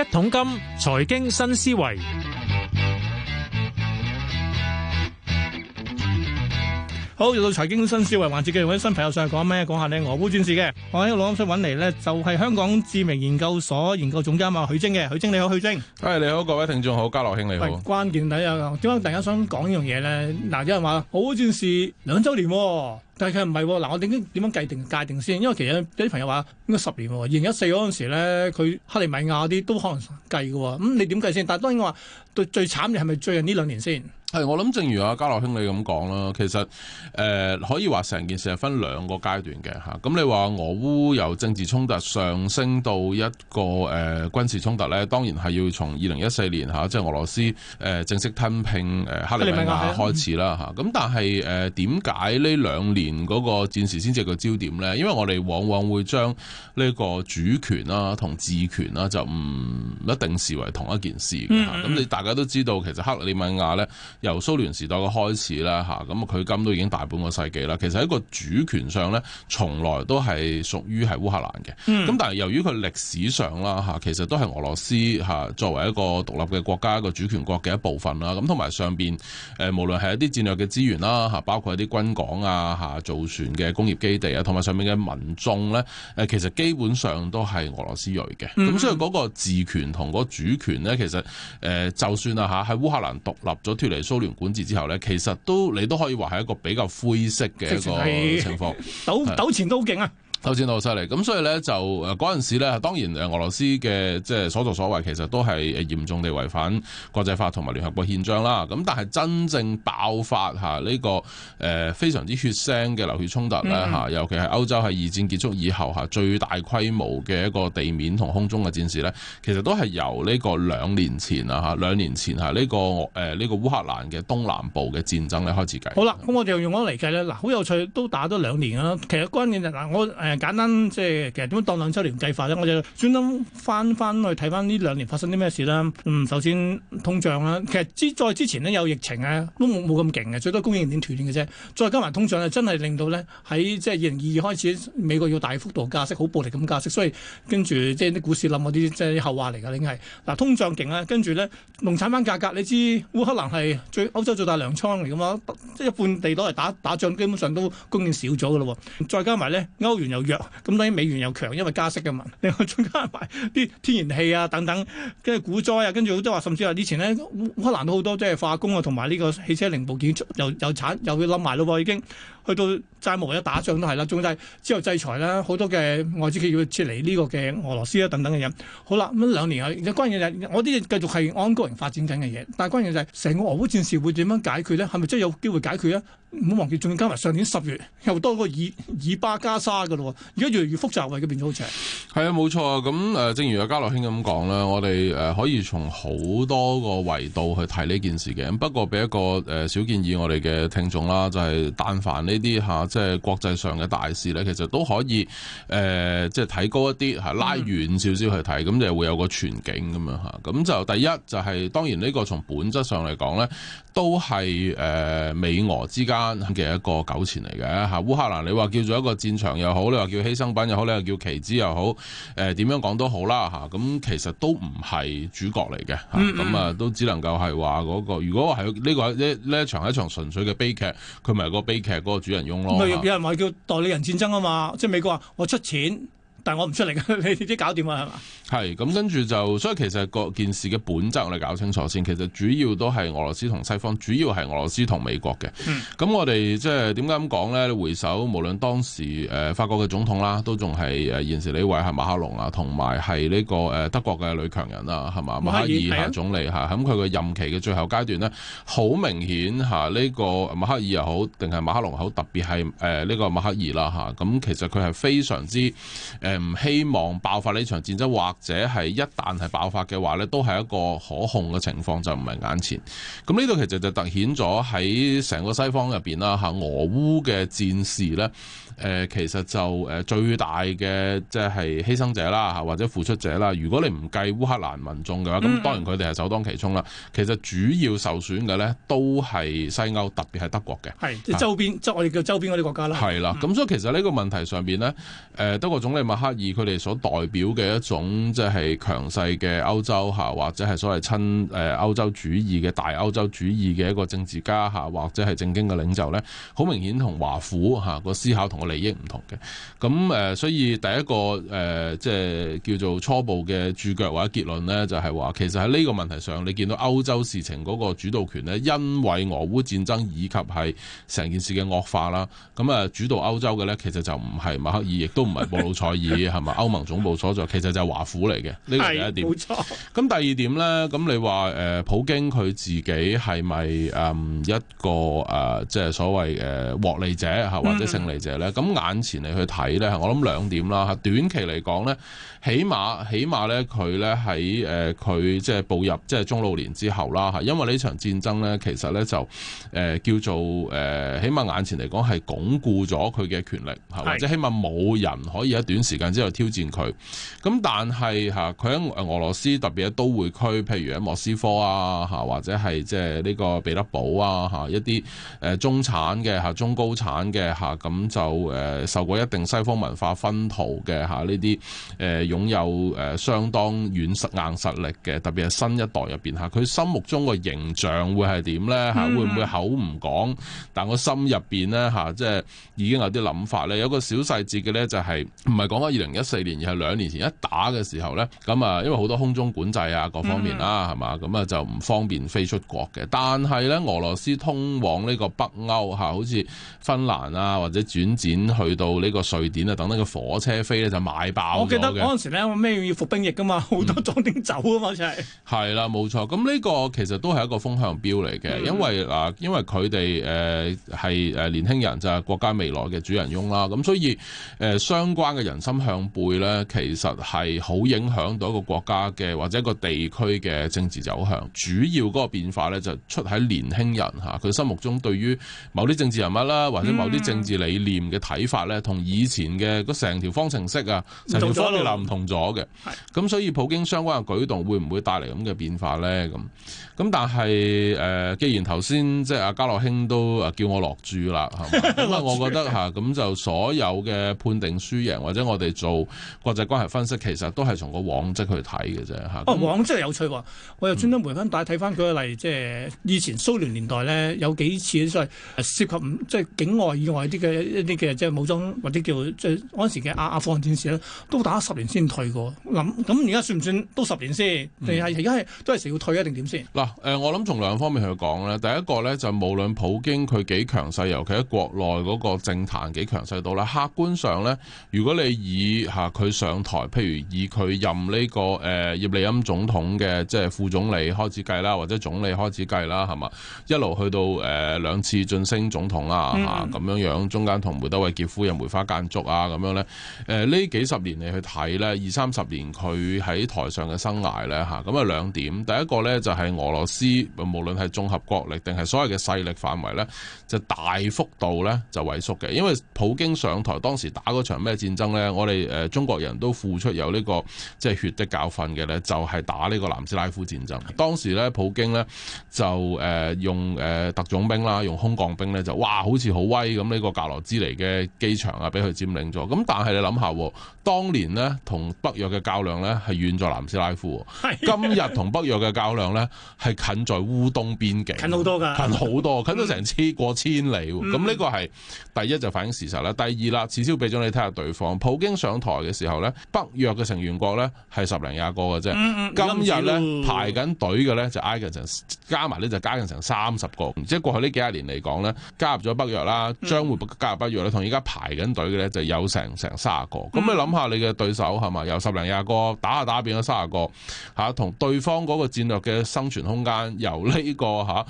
一桶金財經新思維，好又到財經新思維環節，繼續揾新朋友上嚟講咩？講下你俄烏戰事嘅我喺度攞啱揾嚟咧，就係、是、香港智明研究所研究總監嘛，許楨嘅，許楨你好，許楨，係、哎、你好，各位聽眾好，家樂兄你好，哎、關鍵第一，點解大家想講呢樣嘢咧？嗱，有人話俄烏戰事兩周年、哦。但係佢唔係喎，嗱我點解點樣界定界定先？因為其實有啲朋友話應該十年喎，二零一四嗰陣時咧，佢克里米亞嗰啲都可能、嗯、計嘅喎，咁你點計先？但係當然我話最慘慘嘅係咪最近呢兩年先？係我諗，正如阿家樂兄你咁講啦，其實、呃、可以話成件事係分兩個階段嘅。咁你話俄烏由政治衝突上升到一個誒、呃、軍事衝突咧，當然係要從二零一四年嚇、啊，即係俄羅斯、呃、正式吞併誒克里米亞開始啦。咁、啊嗯、但係點解呢兩年？嗰個戰時先至係個焦點咧，因為我哋往往會將呢個主權啦同治權啦就唔一定視為同一件事。咁你、mm-hmm. 大家都知道，其實克里米亞咧由蘇聯時代嘅開始啦，咁佢今都已經大半個世紀啦。其實喺個主權上咧，從來都係屬於係烏克蘭嘅。咁、mm-hmm. 但由於佢歷史上啦，其實都係俄羅斯作為一個獨立嘅國家一個主權國嘅一部分啦。咁同埋上面，誒，無論係一啲戰略嘅資源啦，包括一啲軍港啊造船嘅工業基地啊，同埋上面嘅民眾咧，誒其實基本上都係俄羅斯裔嘅，咁、嗯、所以嗰個自權同嗰個主權咧，其實誒就算啊嚇喺烏克蘭獨立咗脫離蘇聯管治之後咧，其實都你都可以話係一個比較灰色嘅一個情況。糾糾纏都好勁啊！首先好犀利，咁所以咧就誒嗰陣時咧，當然誒俄羅斯嘅即係所作所為，其實都係誒嚴重地違反國際法同埋聯合國憲章啦。咁但係真正爆發嚇呢、啊這個誒、呃、非常之血腥嘅流血衝突咧、啊、尤其係歐洲係二戰結束以後、啊、最大規模嘅一個地面同空中嘅戰事咧，其實都係由呢個兩年前啊嚇兩年前嚇呢、啊這個呢、呃這個烏克蘭嘅東南部嘅戰爭咧開始計。好啦，咁我就用我嚟計咧，嗱好有趣，都打咗兩年啦。其實關鍵就嗱我、欸誒簡單即係其實點樣當兩周年計法咧？我就專登翻翻去睇翻呢兩年發生啲咩事啦。嗯，首先通脹啦，其實之再之前呢，有疫情啊，都冇冇咁勁嘅，最多供應鏈斷嘅啫。再加埋通脹啊，真係令到咧喺即係二零二二開始，美國要大幅度加息，好暴力咁加息，所以跟住即係啲股市冧嗰啲，即係啲後話嚟㗎，已經係嗱通脹勁啊，跟住咧農產品價格，你知烏克蘭係最歐洲最大糧倉嚟㗎嘛，即係一半地都嚟打打仗，基本上都供應少咗㗎咯。再加埋咧歐元又。咁，等於美元又強，因為加息嘅嘛。另外，仲加埋啲天然氣啊等等，跟住股災啊，跟住好多話，甚至話以前咧，烏克蘭都好多，即係化工啊，同埋呢個汽車零部件又又產又要冧埋咯喎，已經。去到債務啊、打仗都係啦，仲有之後制裁啦，好多嘅外資企業撤離呢個嘅俄羅斯啊等等嘅嘢。好啦，咁兩年後，而家關鍵就係我啲繼續係按高人發展緊嘅嘢。但係關鍵就係成個俄烏戰事會點樣解決咧？係咪真係有機會解決咧？唔好忘記，仲要加埋上，上年十月又多個以以巴加沙嘅咯。而家越嚟越複雜，為佢變咗好似係啊，冇錯啊。咁誒、呃，正如阿家樂兄咁講啦，我哋誒、呃、可以從好多個維度去睇呢件事嘅。不過俾一個誒、呃、小建議，我哋嘅聽眾啦，就係、是、單反。呢啲吓，即係國際上嘅大事咧，其實都可以誒、呃，即係睇高一啲吓，拉遠少少去睇，咁、嗯、就會有個全景咁樣吓。咁就第一就係、是，當然呢個從本質上嚟講咧，都係誒，美俄之間嘅一個糾纏嚟嘅嚇，烏克蘭你話叫做一個戰場又好，你話叫犧牲品又好，你話叫棋子又好，誒、呃、點樣講都好啦嚇，咁其實都唔係主角嚟嘅嚇，咁啊都只能夠係話嗰個如果係呢個呢，呢一場一場純粹嘅悲劇，佢咪個悲劇嗰個主人翁咯。咪有人話叫代理人戰爭啊嘛，即係美國話我出錢。但我唔出嚟嘅，你點知搞掂啊？係嘛？係咁跟住就，所以其實個件事嘅本質我哋搞清楚先。其實主要都係俄羅斯同西方，主要係俄羅斯同美國嘅。咁、嗯、我哋即係點解咁講呢？你回首無論當時誒、呃、法國嘅總統啦，都仲係誒現時呢位係馬克龍啦，同埋係呢個誒、呃、德國嘅女強人啦，係嘛？馬克爾係總理吓，咁佢嘅任期嘅最後階段呢，好明顯吓呢、啊呢個馬克爾又好，定係馬克龍好，特別係誒呢個馬克爾啦吓。咁、啊啊、其實佢係非常之誒。呃誒唔希望爆發呢場戰爭，或者係一旦係爆發嘅話呢都係一個可控嘅情況，就唔係眼前。咁呢度其實就突顯咗喺成個西方入邊啦嚇，俄烏嘅戰事呢。誒其實就誒最大嘅即係犧牲者啦，嚇或者付出者啦。如果你唔計烏克蘭民眾嘅話，咁當然佢哋係首當其衝啦。其實主要受損嘅咧，都係西歐，特別係德國嘅。係即周邊，即我哋叫周邊嗰啲國家啦。係啦，咁所以其實呢個問題上邊呢，誒德國總理默克爾佢哋所代表嘅一種即係強勢嘅歐洲嚇，或者係所謂親誒歐洲主義嘅大歐洲主義嘅一個政治家嚇，或者係正經嘅領袖咧，好明顯同華府嚇個思考同個利益唔同嘅，咁誒，所以第一個誒，即、呃、係叫做初步嘅注腳或者結論呢，就係、是、話，其實喺呢個問題上，你見到歐洲事情嗰個主導權呢，因為俄烏戰爭以及係成件事嘅惡化啦，咁啊，主導歐洲嘅呢，其實就唔係默克爾，亦都唔係布魯塞爾，係咪歐盟總部所在，其實就係華府嚟嘅。呢個係第一點。咁第二點呢，咁你話誒、呃，普京佢自己係咪誒一個誒，即、呃、係所謂誒獲利者吓，或者勝利者呢？嗯咁眼前嚟去睇咧，我諗兩點啦。短期嚟講咧，起碼起碼咧佢咧喺誒佢即係步入即係、就是、中老年之後啦。吓，因為呢場戰爭咧，其實咧就誒叫做誒、呃、起碼眼前嚟講係鞏固咗佢嘅權力，吓，或者起碼冇人可以喺短時間之內挑戰佢。咁但係吓，佢喺俄羅斯特別喺都會區，譬如喺莫斯科啊吓，或者係即係呢個彼得堡啊吓，一啲誒中產嘅吓，中高產嘅吓，咁就。誒，受過一定西方文化熏陶嘅吓，呢啲誒擁有誒相當軟實硬實力嘅，特別係新一代入邊吓，佢心目中個形象會係點咧吓？會唔會口唔講，但我心入邊咧吓，即係已經有啲諗法咧。有個小細節咧，就係唔係講緊二零一四年，而係兩年前一打嘅時候咧。咁啊，因為好多空中管制啊，各方面啦，係、嗯、嘛，咁啊就唔方便飛出國嘅。但係咧，俄羅斯通往呢個北歐吓，好似芬蘭啊，或者轉至。去到呢個瑞典啊，等等嘅火車飛咧，就買爆咗嘅。我記得嗰陣時咧，咩要服兵役噶嘛，好多壯丁走啊嘛，真、嗯、係。係啦，冇錯。咁呢個其實都係一個風向標嚟嘅，嗯，因為嗱，因為佢哋誒係誒年輕人就係、是、國家未來嘅主人翁啦。咁所以誒、呃、相關嘅人心向背咧，其實係好影響到一個國家嘅，或者一個地區嘅政治走向。主要嗰個變化咧就是，出喺年輕人吓，佢、啊、心目中對於某啲政治人物啦，或者某啲政治理念嘅睇法咧，同以前嘅成條方程式啊，成條方程式唔同咗嘅。咁，所以普京相關嘅舉動會唔會帶嚟咁嘅變化咧？咁咁，但係誒、呃，既然頭先即係阿加樂卿都叫我落注啦，係 嘛？我覺得吓，咁、 啊、就所有嘅判定輸贏或者我哋做國際關係分析，其實都係從個往績去睇嘅啫嚇。哦，往績有趣喎、哦！我又專登、嗯、回翻帶睇翻佢係即係以前蘇聯年代咧，有幾次所謂涉及即係境外以外啲嘅一啲嘅。即係武裝或者叫即係嗰陣時嘅阿阿富汗戰士咧，都打十年先退過。諗咁而家算唔算都十年先？定係而家係都係時要退啊？定點先？嗱，誒，我諗從兩方面去講咧。第一個咧就無論普京佢幾強勢，尤其喺國內嗰個政壇幾強勢到咧，客觀上咧，如果你以嚇佢上台，譬如以佢任呢個誒葉利欽總統嘅即係副總理開始計啦，或者總理開始計啦，係嘛？一路去到誒兩次晉升總統啦，嚇咁樣樣，中間同梅德韋傑夫人梅花間竹啊！咁樣呢？誒、呃、呢幾十年嚟去睇呢，二三十年佢喺台上嘅生涯呢。吓、啊，咁啊兩點，第一個呢，就係、是、俄羅斯無論係綜合國力定係所謂嘅勢力範圍呢，就大幅度呢，就萎縮嘅，因為普京上台當時打嗰場咩戰爭呢？我哋誒、呃、中國人都付出有呢、這個即係血的教訓嘅呢，就係、是、打呢個南斯拉夫戰爭，當時呢，普京呢，就誒、呃、用誒、呃、特種兵啦，用空降兵呢，就哇好似好威咁呢個格羅茲嚟嘅。嘅機場啊，俾佢佔領咗。咁但係你諗下，當年呢，同北約嘅較量呢，係遠在南斯拉夫，今日同北約嘅較量呢，係近在烏東邊境，近好多㗎，近好多，近到成千過千里。咁、嗯、呢、嗯、個係第一就反映事實啦。第二啦，遲啲俾咗你睇下對方。普京上台嘅時候呢，北約嘅成員國、嗯、呢，係十零廿個嘅啫。今日呢，排緊隊嘅呢，就挨近成，加埋呢就加近成三十個。即係過去呢幾十年嚟講呢，加入咗北約啦，將會加入北約、嗯而家排緊隊嘅咧，就有成成卅個。咁你諗下，你嘅對手係嘛、嗯？由十零廿個打下打,打變咗卅個嚇，同、啊、對方嗰個戰略嘅生存空間由呢、這個嚇，南、啊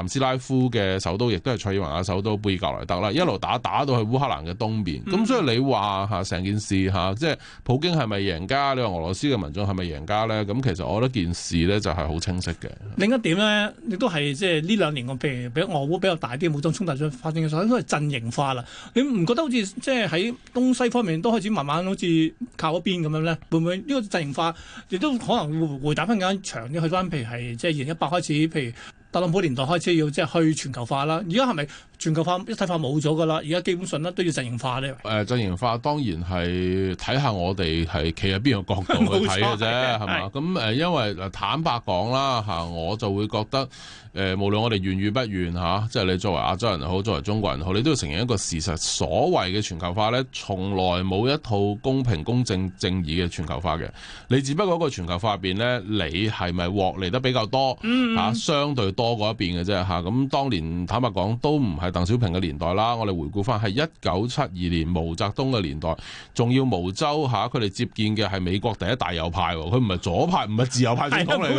呃、斯拉夫嘅首都，亦都係塞爾維亞首都貝爾格萊德啦，一路打打到去烏克蘭嘅東邊。咁所以你話成、啊、件事即係、啊就是、普京係咪贏家？你話俄羅斯嘅民眾係咪贏家咧？咁其實我覺得件事咧就係好清晰嘅。另一點咧，亦都係即係呢兩年我譬如，比如俄烏比較大啲武裝衝突中發生嘅，所都係陣營化啦。唔覺得好似即係喺東西方面都開始慢慢好似靠嗰邊咁樣咧，會唔會呢個陣營化亦都可能會回彈翻間長啲去翻？譬如係即係二零一八開始，譬如。特朗普年代開始要即係去全球化啦，而家係咪全球化一體化冇咗噶啦？而家基本上咧都要陣營化咧。誒、呃，陣營化當然係睇下我哋係企喺邊個角度去睇嘅啫，係 嘛？咁、嗯、因為坦白講啦嚇，我就會覺得誒、呃，無論我哋願意不願嚇，即係你作為亞洲人好，作為中國人好，你都要承認一個事實，所謂嘅全球化咧，從來冇一套公平、公正、正義嘅全球化嘅。你只不過喺個全球化入邊咧，你係咪獲利得比較多？嗯，啊、相對多。多過一邊嘅啫吓，咁當年坦白講都唔係鄧小平嘅年代啦。我哋回顧翻係一九七二年毛澤東嘅年代，仲要毛周。吓，佢哋接見嘅係美國第一大右派、喔，佢唔係左派，唔係自由派總統嚟嘅，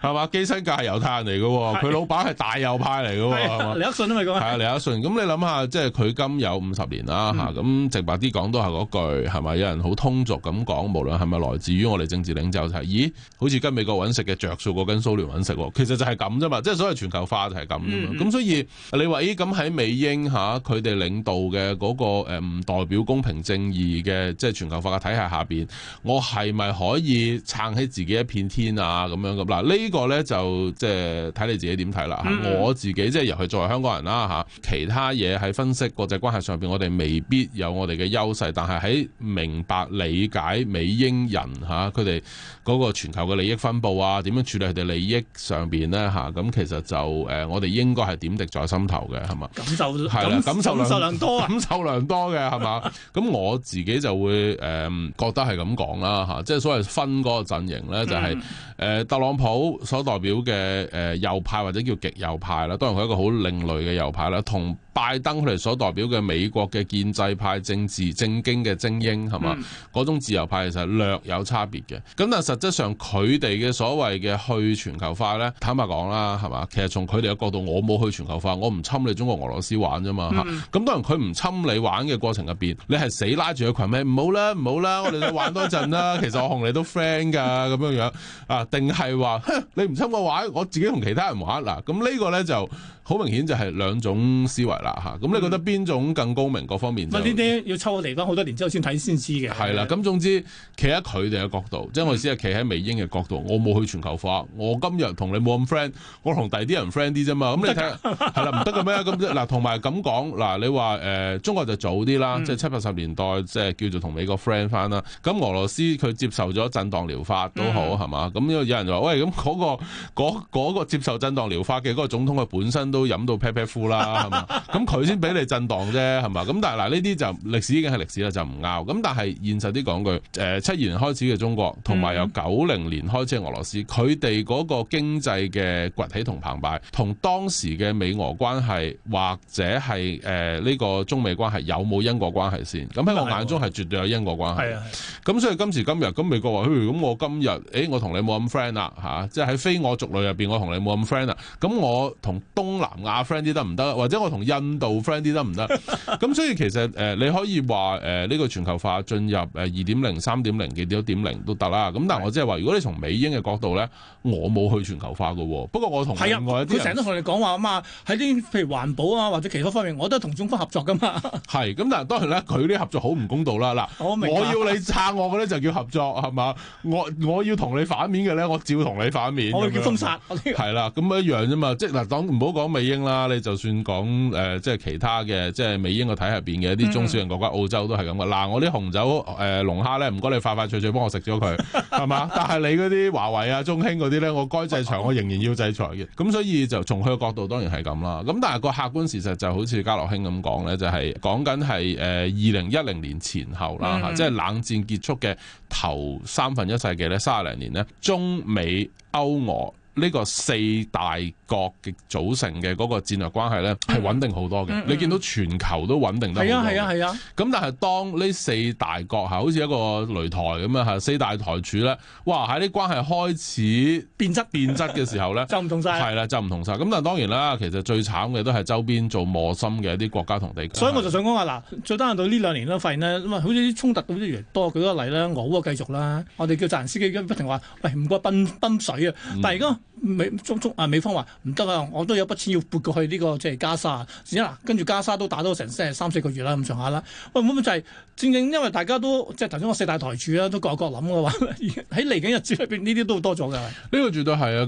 係嘛、喔？基辛格係猶太人嚟嘅、喔，佢老闆係大右派嚟嘅、喔。尼克遜都係咁。係啊，尼克遜。咁你諗下，即係佢今有五十年啦吓，咁直白啲講都係嗰句係咪？有人好通俗咁講，無論係咪來自於我哋政治領袖，就係、是、咦，好似跟美國揾食嘅着數過跟蘇聯揾食，其實就係咁啫嘛，即係所謂全球化就係、是、咁，咁、嗯、所以你話咦咁喺美英嚇佢哋領導嘅嗰個唔代表公平正義嘅即係全球化嘅體系下邊，我係咪可以撐起自己一片天啊？咁樣咁，嗱呢個咧就即係睇你自己點睇啦。我自己即係、就是、尤其作為香港人啦嚇，其他嘢喺分析國際關係上邊，我哋未必有我哋嘅優勢，但係喺明白理解美英人嚇佢哋嗰個全球嘅利益分布啊，點樣處理佢哋利益上邊咧嚇咁。其實就誒、呃，我哋應該係點滴在心頭嘅，係嘛？感受，係、啊、感受良感受良多嘅、啊，係嘛？咁 我自己就會誒、呃，覺得係咁講啦，吓、啊，即係所謂分嗰個陣營咧，就係、是、誒、嗯呃，特朗普所代表嘅誒、呃、右派或者叫極右派啦，當然佢係一個好另類嘅右派啦，同拜登佢哋所代表嘅美國嘅建制派政治政經嘅精英係嘛，嗰、嗯、種自由派其實略有差別嘅。咁但實質上佢哋嘅所謂嘅去全球化咧，坦白講啦，係嘛，其實從佢哋嘅角度，我冇去全球化，我唔侵你中國俄羅斯玩啫嘛。咁、嗯嗯啊、當然佢唔侵你玩嘅過程入邊，你係死拉住佢群咩？唔好啦，唔好啦，我哋都玩多一陣啦。 其實我同你都 friend 噶咁樣樣啊，定係話，你唔侵我玩，我自己同其他人玩嗱。咁、啊、呢個咧就好明顯就係兩種思維。咁、嗯、你覺得邊種更高明？各方面呢啲要抽我離返好多年之後先睇先知嘅。係啦，咁總之企喺佢哋嘅角度，嗯、即係我意思係企喺美英嘅角度。我冇去全球化，我今日同你冇咁 friend，我同第啲人 friend 啲啫嘛。咁你睇係啦，唔得嘅咩？咁 嗱，同埋咁講嗱，你話、呃、中國就早啲啦，嗯、即係七八十年代即係叫做同美國 friend 翻啦。咁俄羅斯佢接受咗震盪療法都好係嘛？咁、嗯、有有人話喂，咁嗰、嗰個嗰、嗰個嗰個、接受震盪療法嘅嗰、嗰個總統佢本身都飲到啤啤呼啦係嘛？咁佢先俾你震盪啫，係嘛？咁但係嗱，呢啲就歷史已經係歷史啦，就唔拗。咁但係現實啲講句，誒、呃、七二年開始嘅中國，同埋由九零年開始嘅俄羅斯，佢哋嗰個經濟嘅崛起同澎湃，同當時嘅美俄關係或者係誒呢個中美關係有冇因果關係先？咁喺我眼中係絕對有因果關係。咁所以今時今日，咁美國話，誒、哎，咁我今日，誒、哎，我同你冇咁 friend 啦，即係喺非我族類入面，我同你冇咁 friend 啦。咁我同東南亞 friend 啲得唔得？或者我同印度 friend 啲得唔得？咁 所以其實誒、呃，你可以話誒呢個全球化進入誒二點零、三點零、幾多點零都得啦。咁但係我即係話，如果你從美英嘅角度咧，我冇去全球化喎、哦。不過我同另外一啲，佢成日同你講講話啊嘛，喺啲譬如環保啊或者其他方面，我都係同中方合作㗎嘛。係 咁，但係當然呢，佢啲合作好唔公道啦。嗱，我，啊、我要你撐我嘅咧就叫合作係嘛？我我要同你反面嘅咧，我照同你反面。我要叫封殺。係啦，咁一樣啫嘛。即係嗱，唔好講美英啦，你就算講誒。呃即係其他嘅，即係美英個體系入邊嘅一啲中小型國家，澳洲都係咁嘅。嗱、嗯啊，我啲紅酒誒、呃、龍蝦咧，唔該你快快脆脆幫我食咗佢，係 嘛？但係你嗰啲華為啊、中興嗰啲咧，我該制裁我仍然要制裁嘅。咁、啊啊、所以就從佢個角度，當然係咁啦。咁但係個客觀事實就好似嘉樂興咁講咧，就係講緊係誒二零一零年前後啦，嚇、嗯，即、就、係、是、冷戰結束嘅頭三分一世紀咧，卅零年呢，中美歐俄呢個四大。國嘅組成嘅嗰個戰略關係咧，係、嗯、穩定好多嘅、嗯嗯。你見到全球都穩定得好，係啊係啊係啊。咁、啊啊、但係當呢四大國嚇，好似一個擂台咁啊嚇，四大台柱咧，哇喺啲關係開始變質變質嘅 時候咧， 就唔同晒。係啦，就唔同晒。咁但係當然啦，其實最慘嘅都係周邊做磨心嘅一啲國家同地區。所以我就想講話嗱，最得下到呢兩年咧，發現咧咁啊，好似啲衝突嗰啲越多。舉個例啦，我好俄繼續啦，我哋叫澤連斯基咁不停話，喂，唔該泵泵水啊。但係而家。美啊！美方話唔得啊！我都有筆錢要撥過去呢、這個即係、就是、加沙。然之嗱，跟住加沙都打到成三四個月啦，咁上下啦。喂，咁咪就係正正因為大家都即係頭先我四大台柱啦，都各有各諗嘅話，喺嚟緊日子裏邊，呢啲都多咗㗎。呢、這個絕對係、呃、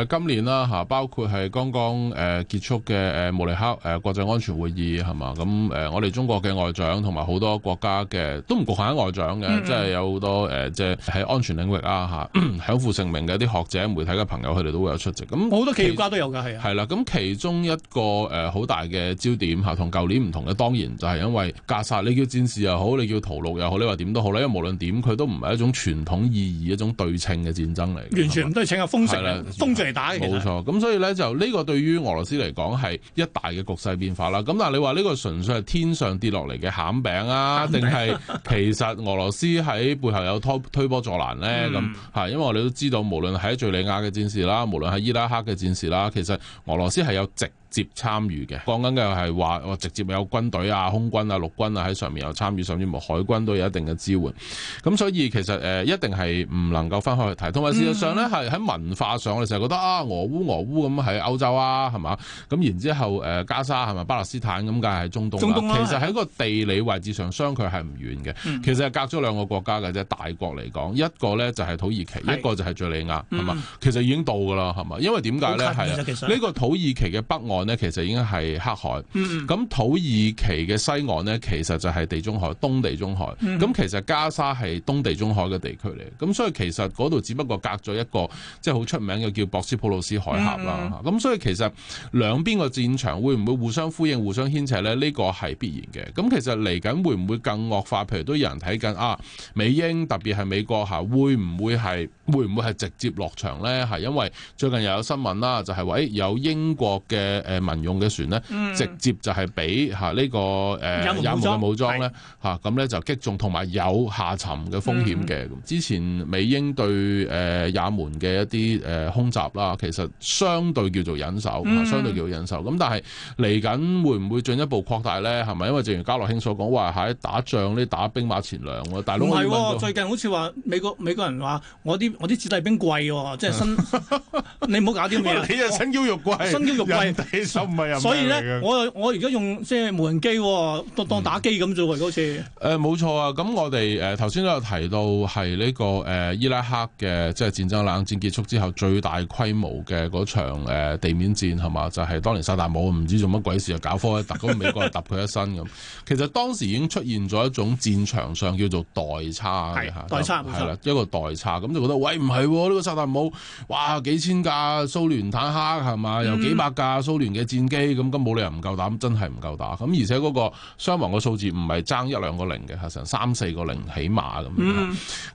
啊！咁今年啦包括係剛剛誒、呃、結束嘅誒慕尼黑國際安全會議係嘛？咁、呃、我哋中國嘅外長同埋好多國家嘅都唔局限喺外長嘅、嗯嗯，即係有好多、呃、即係喺安全領域啦、啊、嚇，享負盛名嘅啲學者、媒體嘅朋友去。都會有出席咁，好多企業家都有噶係係啦。咁其中一個誒好、呃、大嘅焦點吓，和去年不同舊年唔同嘅，當然就係因為加沙你叫戰事又好，你叫屠戮又好，你話點都好啦。因為無論點，佢都唔係一種傳統意義一種對稱嘅戰爭嚟嘅，完全都係請個封城嚟封城來打冇錯。咁所以咧就呢個對於俄羅斯嚟講係一大嘅局勢變化啦。咁但係你話呢個純粹係天上跌落嚟嘅餡餅啊，定係其實俄羅斯喺背後有推推波助瀾咧？咁、嗯、吓，因為我哋都知道，無論喺敘利亞嘅戰事啦。無論係伊拉克嘅戰事啦，其實俄羅斯係有值接參與嘅，講緊嘅係話，我直接有軍隊啊、空軍啊、陸軍啊喺上面有參與，甚至乎海軍都有一定嘅支援。咁所以其實誒、呃，一定係唔能夠分開去睇。同埋事實上咧，係喺文化上，我哋成日覺得啊，俄烏俄烏咁喺歐洲啊，係嘛？咁然之後誒、呃，加沙係咪巴勒斯坦咁梗係中東，啊中東啊、其實喺個地理位置上相距係唔遠嘅，其實係隔咗兩個國家嘅啫。大國嚟講，一個咧就係、是、土耳其，一個就係敍利亞，係嘛？其實已經到㗎啦，係嘛？因為點解咧？係啊，呢、這個土耳其嘅北岸。其實已經係黑海，咁土耳其嘅西岸呢，其實就係地中海，東地中海，咁其實加沙係東地中海嘅地區嚟，咁所以其實嗰度只不過隔咗一個即係好出名嘅叫博斯普魯斯海峽啦，咁所以其實兩邊個戰場會唔會互相呼應、互相牽扯呢？呢個係必然嘅。咁其實嚟緊會唔會更惡化？譬如都有人睇緊啊，美英特別係美國嚇，啊，會唔會係？會唔會係直接落場咧？係因為最近又有新聞啦，就係、是、話有英國嘅民用嘅船咧，直接就係俾呢個也門嘅武裝咧，咁咧就擊中同埋有下沉嘅風險嘅、嗯。之前美英對誒也門嘅一啲誒空襲啦，其實相對叫做忍受，相對叫做忍受。咁但係嚟緊會唔會進一步擴大咧？係咪因為正如嘉樂興所講話喺打仗呢打兵馬前糧喎？大佬，哦，唔喎，最近好似話美國美國人話我啲。我啲子弟兵貴喎、哦，即係新。 你唔好搞啲咩啊！你又身嬌肉貴，身嬌肉貴，人睇唔係人，所以咧， 我我而家用即係無人機、哦、當當打機咁做嘅嗰次。冇、嗯呃、錯啊！咁我哋誒頭先都有提到係呢、這個誒、呃、伊拉克嘅，即係戰爭冷戰結束之後最大規模嘅嗰場、呃、地面戰係嘛？就係、是、當年薩達姆唔知做乜鬼事就搞科威特，嗰 美國人揼佢一身咁。其實當時已經出現咗一種戰場上叫做代差 代差冇錯，一個代差咁就覺得。喂，唔喎、啊，呢、這個薩達姆，哇幾千架蘇聯坦克係嘛，有幾百架蘇聯嘅戰機，咁咁冇理由唔夠膽，真係唔夠打。咁而且嗰個傷亡個數字唔係爭一兩個零嘅，嚇成三四個零起碼咁。咁誒、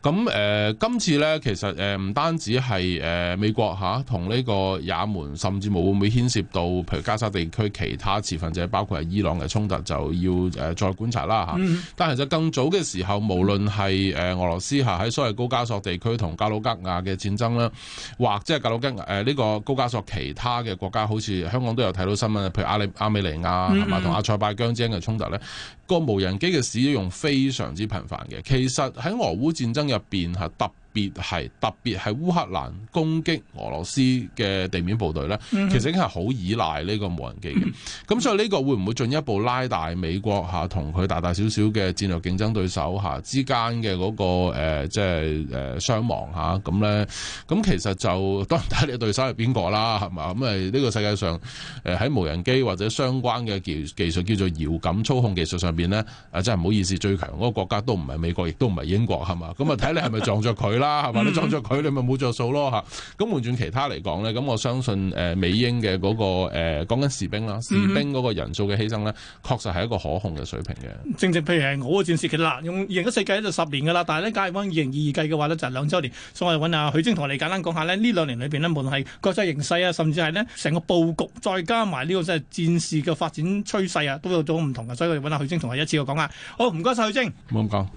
嗯呃，今次咧其實誒唔單止係誒、呃、美國嚇同呢個也門，甚至冇會唔會牽涉到譬如加沙地區其他持份者，包括係伊朗嘅衝突，就要、呃、再觀察啦、啊嗯、但係就更早嘅時候，無論係誒俄羅斯嚇喺所謂高加索地區同格瓦嘅戰爭啦，或者係格魯吉亞誒呢個高加索其他嘅國家，好似香港都有睇到新聞，譬如阿利阿美尼亞係嘛，同阿塞拜疆之間嘅衝突咧，個無人機嘅使用非常之頻繁嘅。其實喺俄烏戰爭入邊係特別。別係特別係烏克蘭攻擊俄羅斯嘅地面部隊咧，其實已經係好依賴呢個無人機嘅。咁所以呢個會唔會進一步拉大美國吓同佢大大小小嘅戰略競爭對手吓之間嘅、嗰個誒，即係誒傷亡吓咁咧？咁、啊、其實就當然睇你對手係邊個啦，係嘛咁誒？呢個世界上誒喺無人機或者相關嘅技技術叫做遙感操控技術上邊咧，啊真係唔好意思，最強個國家都唔係美國，亦都唔係英國，係嘛咁啊？睇你係咪撞咗佢？係嘛？你裝咗佢，你咪冇着數咯嚇。咁換轉其他嚟講咧，咁我相信誒美英嘅嗰、那個誒講緊士兵啦、嗯，士兵嗰個人數嘅犧牲呢，確實係一個可控嘅水平嘅。正正譬如我嘅戰事其實用二零一四計就十年噶啦，但係呢，假如揾二零二二計嘅話呢，就係、是、兩週年。所以我揾阿許楨同我哋簡單講下呢，呢兩年裏邊呢，無論係國際形勢啊，甚至係呢成個佈局，再加埋呢個即係戰事嘅發展趨勢啊，都有咗唔同嘅。所以我揾阿許楨同我一次過講下。好，唔該晒許楨。冇咁講。